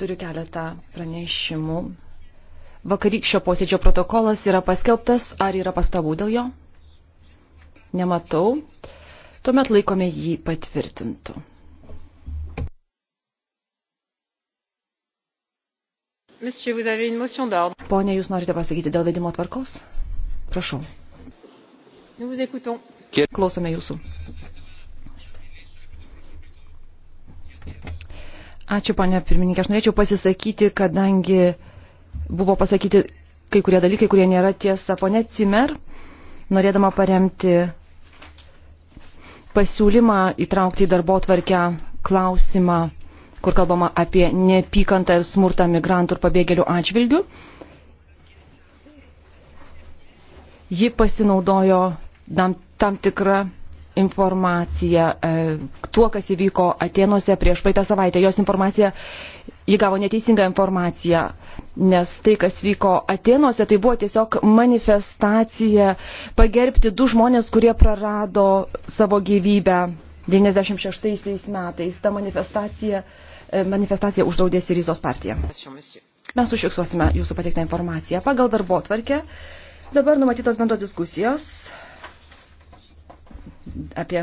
Turiu keletą pranešimų. Vakarykščio posėdžio protokolas yra paskelbtas. Ar yra pastabų dėl jo? Nematau. Tuomet laikome jį patvirtintų. Pone, jūs norite pasakyti dėl vedimo tvarkos? Prašau. Klausome jūsų. Ačiū, ponia pirmininkė. Aš norėčiau pasisakyti, kadangi buvo pasakyti kai kurie dalykai, kurie nėra tiesa. Pone Cimer, norėdama paremti pasiūlymą įtraukti į darbo tvarkę klausimą, kur kalbama apie nepykantą ir smurtą migrantų ir pabėgėlių atžvilgių. Ji pasinaudojo tam, tam tikrą informacija e, tuo, kas įvyko Atenuose prieš praeitą savaitę. Jos informacija, ji gavo neteisingą informaciją, nes tai, kas vyko Atenuose, tai buvo tiesiog manifestacija pagerbti du žmonės, kurie prarado savo gyvybę 96 metais. Ta manifestacija, e, manifestacija uždraudė Sirizos partiją. Mes užfiksuosime jūsų pateiktą informaciją pagal darbo tvarkę. Dabar numatytos bendros diskusijos apie